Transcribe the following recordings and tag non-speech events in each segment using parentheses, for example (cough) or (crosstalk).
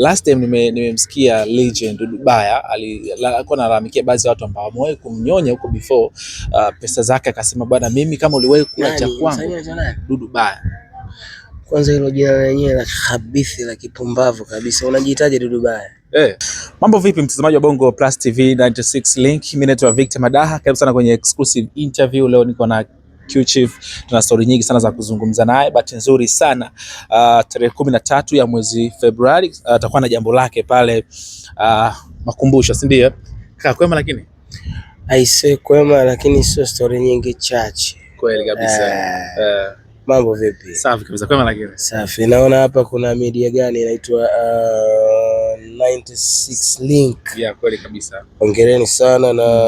Last time nime, legend Dubaya alikuwa analalamikia baadhi ya watu ambao wamewahi kumnyonya huko before uh, pesa zake, akasema bwana, mimi kama uliwahi kula cha kwangu Dudu Baya. Kwanza hilo jina lenyewe la khabithi la kipumbavu kabisa, unajihitaji Dudu Baya. Hey. Eh. Mambo vipi mtazamaji wa Bongo Plus TV 96 Link, mimi naitwa Victor Madaha, karibu sana kwenye exclusive interview. Leo niko na Qchief. tuna stori nyingi sana za kuzungumza naye. Bahati nzuri sana uh, tarehe kumi na tatu ya mwezi Februari uh, atakuwa uh, na jambo lake pale uh, makumbusho, si ndio? Kaka kwema, lakini aise, kwema lakini sio stori nyingi chache, kweli kabisa uh, uh, mambo vipi? Safi kabisa, kwema lakini safi. Naona hapa kuna media gani inaitwa uh, 96 Link. Ya Yeah, kweli kabisa. Hongereni sana na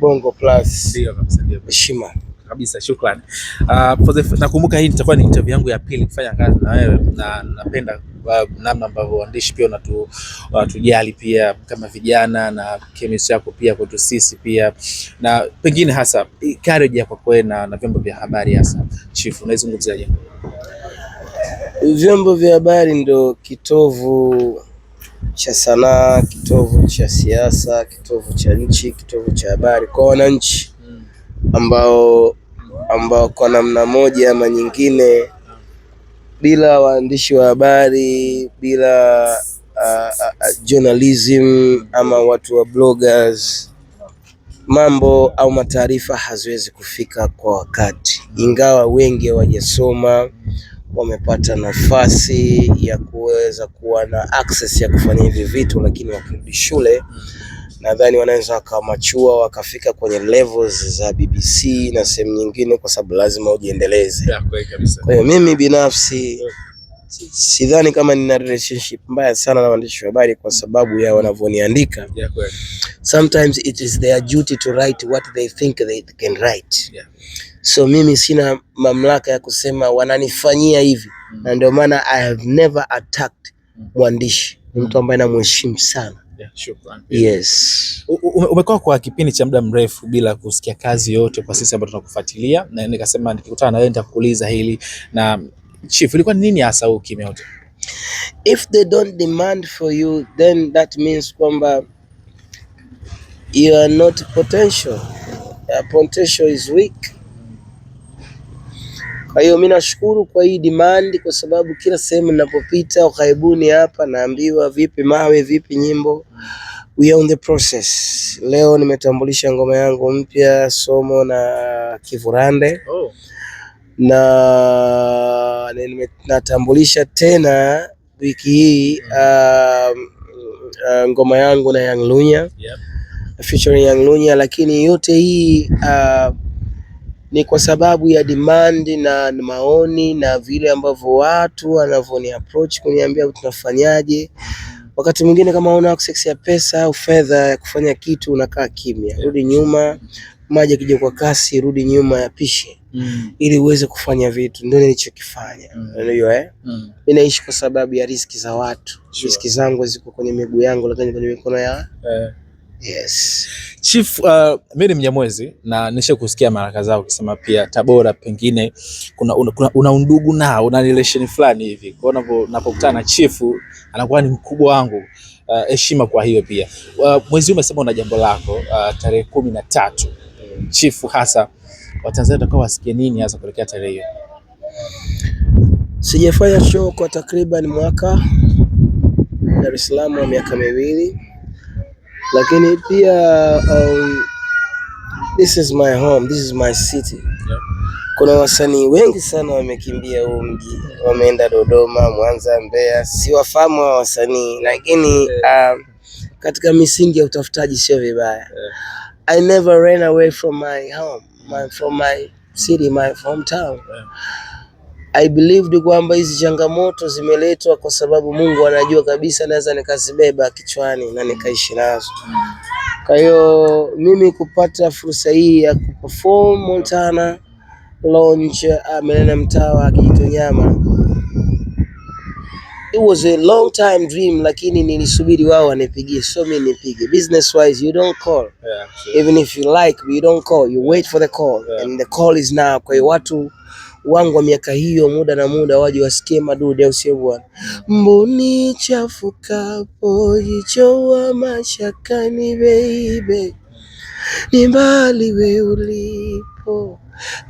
Bongo Plus. Ndio kabisa, ndio. Heshima kabisa, shukrani. Uh, nakumbuka hii nitakuwa ni interview yangu ya pili kufanya kazi na wewe, na napenda ah, namna ambavyo waandishi pia wanatujali uh, pia kama vijana na chemistry yako pia kwetu sisi pia, na pengine hasa courage yako kwa na, na vyombo vya habari hasa chief, unaizungumziaje? Vyombo vya habari ndo kitovu cha sanaa, kitovu cha siasa, kitovu cha nchi, kitovu cha habari kwa wananchi hmm. ambao ambao kwa namna moja ama nyingine, bila waandishi wa habari, bila uh, uh, journalism ama watu wa bloggers, mambo au mataarifa haziwezi kufika kwa wakati, ingawa wengi hawajasoma wamepata nafasi ya kuweza kuwa na access ya kufanya hivi vitu, lakini wakirudi shule nadhani wanaweza wakamachua wakafika kwenye levels za BBC na sehemu nyingine, kwa sababu lazima ujiendeleze. Kwa hiyo mimi binafsi sidhani kama nina relationship mbaya sana na waandishi wa habari kwa sababu ya wanavyoniandika. sometimes it is their duty to write what they think they can write. So mimi sina mamlaka ya kusema wananifanyia hivi na ndio maana I have never attacked mwandishi ni mtu ambaye namheshimu sana Yes. Umekuwa kwa kipindi cha muda mrefu bila kusikia kazi yote kwa sisi ambao tunakufuatilia, na nikasema nikikutana na wewe nitakuuliza hili. Na Chief, ilikuwa ni nini hasa huu kimya wote? If they don't demand for you then that means kwamba you are not potential. Your potential is weak. Kwa hiyo mimi nashukuru kwa hii demand, kwa sababu kila sehemu ninapopita ughaibuni hapa naambiwa vipi mawe, vipi nyimbo. We are on the process. Leo nimetambulisha ngoma yangu mpya Somo na Kivurande. Oh. Na natambulisha tena wiki hii mm -hmm. uh, ngoma yangu na Young Lunya. Yep. Featuring Young Lunya, lakini yote hii uh, ni kwa sababu ya demand na maoni na vile ambavyo watu wanavyoni approach kuniambia tunafanyaje. Wakati mwingine kama una access ya pesa au fedha ya kufanya kitu unakaa kimya, rudi nyuma, maji akija kwa kasi, rudi nyuma ya pishi mm. ili uweze kufanya vitu. Ndio nilichokifanya mm. eh mm. Ninaishi kwa sababu ya riski za watu sure. riski zangu ziko kwenye miguu yangu, lakini kwenye mikono ya yeah. Yes. Chief, uh, mimi ni Mnyamwezi na nisha kusikia maraka zao ukisema pia Tabora pengine kuna, una, kuna, una undugu nao una relation fulani hivi. Kwa hiyo unapokutana na Chief anakuwa ni mkubwa wangu uh, heshima. Uh, kwa hiyo pia uh, mwezi umesema una jambo lako uh, tarehe kumi na tatu Chief, hasa Watanzania watakao wasikie nini hasa kuelekea tarehe hiyo? Sijafanya show kwa takriban mwaka Dar es Salaam, miaka miwili mm lakini pia um, this is my home, this is my city yeah. Kuna wasanii wengi sana wamekimbia huu mji, wameenda Dodoma, Mwanza, Mbeya. Siwafahamu hawa wasanii lakini um, katika misingi ya utafutaji sio vibaya yeah. I never ran away from my home, my, from my city, my hometown yeah. I believed kwamba hizi changamoto zimeletwa kwa sababu Mungu anajua kabisa naweza nikazibeba kichwani na nikaishi nazo. Kwa hiyo mimi kupata fursa hii ya kuperform Montana launch ah, Milena Mtawa Nyama, it was a long time dream, lakini nilisubiri wao wanipigie, so mimi nipige. Business wise you don't call yeah, sure. Even if you like you don't call, you wait for the call yeah. And the call is now. Kwa hiyo watu wangu wa miaka hiyo, muda na muda waje wasikie madude, au sio bwana? mbuni chafukapo jicho wa mashakani beibe, ni mbali we ulipo,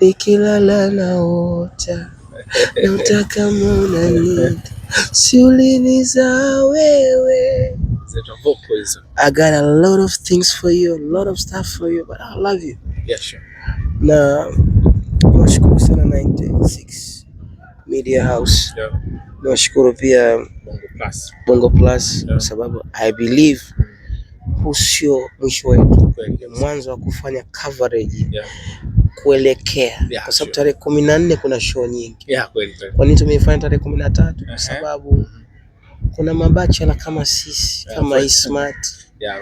nikilala naota naota kama unanita siulini za wewe I got a lot of things for you, a lot of stuff for you, but I love you. Yeah, sure. Na Niwashukuru sana 96 Media House yeah. Niwashukuru pia Bongo Plus, Bongo Plus yeah. Kwa sababu I believe huu sio mwisho wetu, ni mwanzo wa kufanya coverage yeah. Kuelekea yeah, kwa sababu tarehe kumi na nne kuna show nyingi yeah. Kwa nini tumeifanya tarehe kumi na tatu? Kwa uh-huh. sababu kuna mabachela kama sisi yeah, kama Ismart yeah,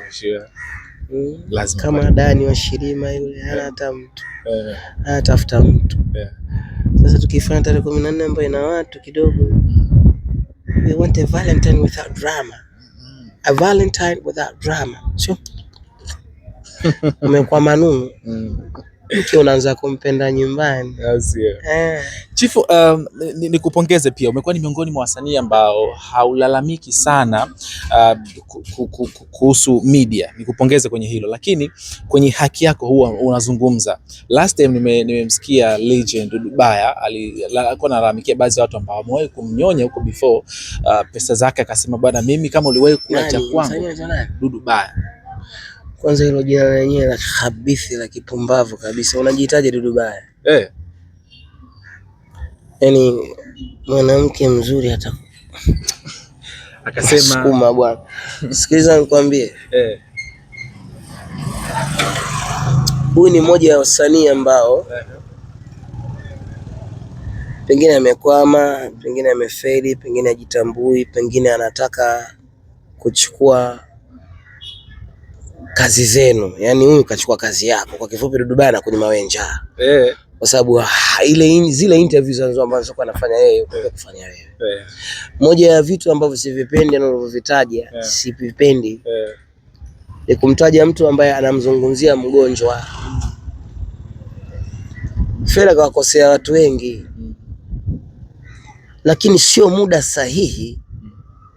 mm, kama Dani wa Shirima yule hana hata mtu yeah. anatafuta mtu yeah. Sasa tukifanya tarehe kumi na nne ambayo ina watu kidogo, mm. we want a Valentine without drama, mm. a Valentine without drama, sio? umekuwa manunu mm mke unaanza kumpenda nyumbani. Eh. Chifu, um, nikupongeze ni pia umekuwa ni miongoni mwa wasanii ambao haulalamiki sana uh, kuhusu media. Nikupongeze kwenye hilo, lakini kwenye haki yako huwa unazungumza. Last time nimemsikia nime legend Dudubaya alikuwa analalamikia baadhi ya watu ambao wamewahi kumnyonya huko before uh, pesa zake, akasema bwana, mimi kama uliwahi kula cha kwangu Dudubaya kwanza hilo jina lenyewe la khabithi la kipumbavu kabisa, unajihitaji dudu baya eh? Yani mwanamke mzuri hata (laughs) akasema sukuma bwana. Sikiliza nikwambie, eh, huyu ni mmoja ya wasanii ambao pengine amekwama, pengine amefeli, pengine ajitambui, pengine anataka kuchukua kazi zenu, yani huyu kachukua kazi yako. Kwa kifupi, Dudu Baya kwenye mawenja eh, kwa sababu ah, ile zile interviews ambazo sokwa anafanya yeye uko eh. kufanya wewe. Eh. Moja ya vitu ambavyo sivipendi na ulivyovitaja eh. sivipendi ni kumtaja mtu ambaye anamzungumzia mgonjwa. Fela kawakosea watu wengi, lakini sio muda sahihi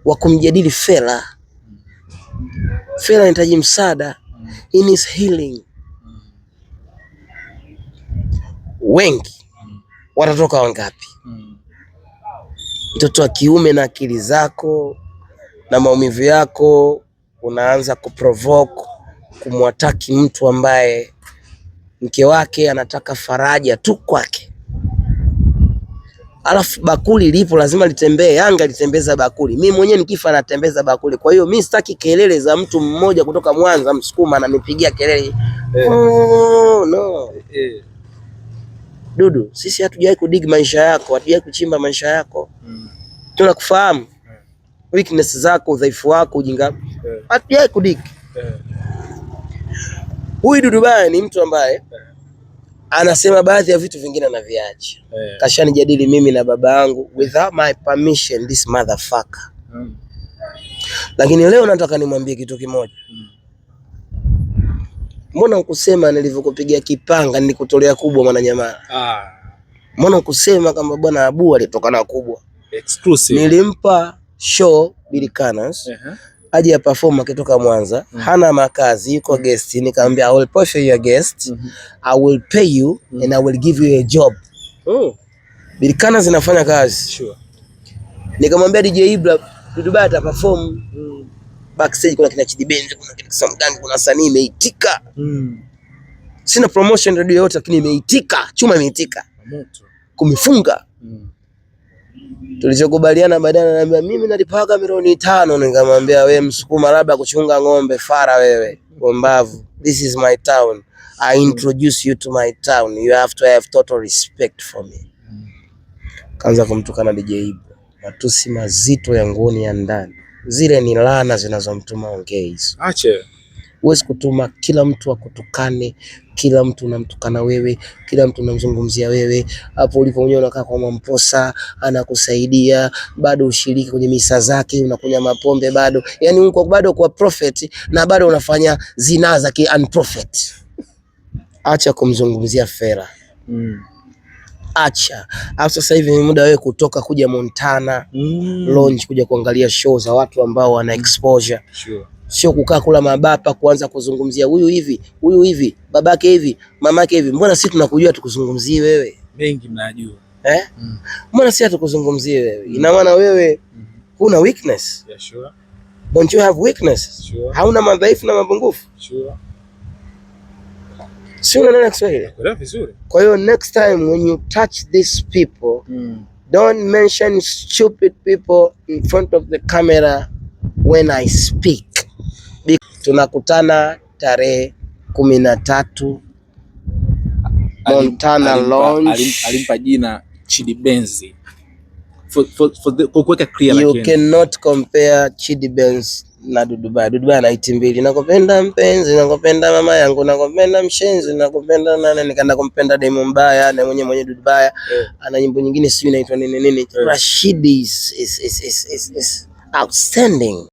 wa kumjadili Fela. Fedha inahitaji msaada, in his healing. Wengi watatoka wangapi? Mtoto wa kiume na akili zako na maumivu yako, unaanza kuprovoke kumwataki mtu ambaye mke wake anataka faraja tu kwake alafu bakuli lipo lazima litembee. Yanga litembeza bakuli, mimi mwenyewe nikifa natembeza bakuli. Kwa hiyo mimi sitaki kelele za mtu mmoja kutoka Mwanza, msukuma ananipigia kelele eh. Oh, no eh. Dudu, sisi hatujawahi kudig maisha yako, hatujawahi kuchimba maisha yako mm. Tunakufahamu eh. Weakness zako, udhaifu wako, ujinga, eh. hatujawahi eh. kudigi eh. Huyu Dudu baya ni mtu ambaye eh anasema baadhi ya vitu vingine anaviacha yeah. Kashanijadili mimi na baba yangu without my permission this motherfucker mm. Lakini leo nataka nimwambie kitu kimoja mm. Mbona ukusema nilivyokupigia kipanga nilikutolea kubwa mwana jamaa ah. Mbona ukusema kama bwana Abu alitoka na kubwa exclusive. Nilimpa show Billy Connors uh -huh aje ya perform akitoka Mwanza mm -hmm. hana makazi, yuko mm-hmm. guest. Nikamwambia I will pay for your guest mm -hmm. I will pay you mm -hmm. and I will give you a job oh. Bilikana zinafanya kazi sure. Nikamwambia DJ Ibra Dudu ata perform mm. -hmm. Backstage kuna kina Chidi Benz, kuna kina Sam Gang, kuna sanii imeitika mm. -hmm. Sina promotion radio yote, lakini imeitika, chuma imeitika, kumifunga Tulichokubaliana baadaye ananiambia mimi nalipaka milioni tano. Nikamwambia wewe msukuma labda kuchunga ng'ombe fara wewe. Gombavu. This is my town. I introduce you to my town. You have to have total respect for me. Kaanza kumtukana DJ Ibo. Matusi mazito ya nguoni ya ndani. Zile ni lana zinazomtuma ongee hizo. Ache. Huwezi kutuma kila mtu akutukane kila mtu unamtukana wewe, kila mtu unamzungumzia wewe. Hapo ulipo mwenyewe unakaa kwa mamposa, anakusaidia bado, ushiriki kwenye misa zake, unakunywa mapombe bado, yani uko bado kwa prophet na bado unafanya zinaa za ki unprophet. Acha kumzungumzia Fera mm acha. Au sasa hivi ni muda wewe kutoka kuja Montana mm. Lounge kuja kuangalia show za watu ambao wana exposure sure. Sio kukaa kula mabapa kuanza kuzungumzia huyu hivi huyu hivi babake hivi mamake hivi. Mbona sisi tunakujua tukuzungumzie wewe? Mengi mnajua eh? mm. Mbona sisi hatukuzungumzie wewe? Mm. Ina maana wewe huna mm -hmm. weakness yeah, sure. Don't you have weakness? Sure. Hauna madhaifu na mapungufu sure si unaelewa Kiswahili? Kwa hiyo next time when you touch these people mm. don't mention stupid people in front of the camera when I speak. Tunakutana tarehe kumi na tatu Montana Lounge. Alimpa jina Chidi Benz. For, for, for the, for clear you like cannot compare Chidi Benz na Dudubaya. Dudubaya naiti mbili, nakupenda mpenzi, nakupenda mama yangu, nakupenda mshenzi, nakupenda nane, nikaenda kumpenda demo mbaya na mwenye mwenye Dudubaya yeah. Ana eh. nyimbo nyingine sijui inaitwa nini nini, eh. Rashid is, is, is, is, is outstanding.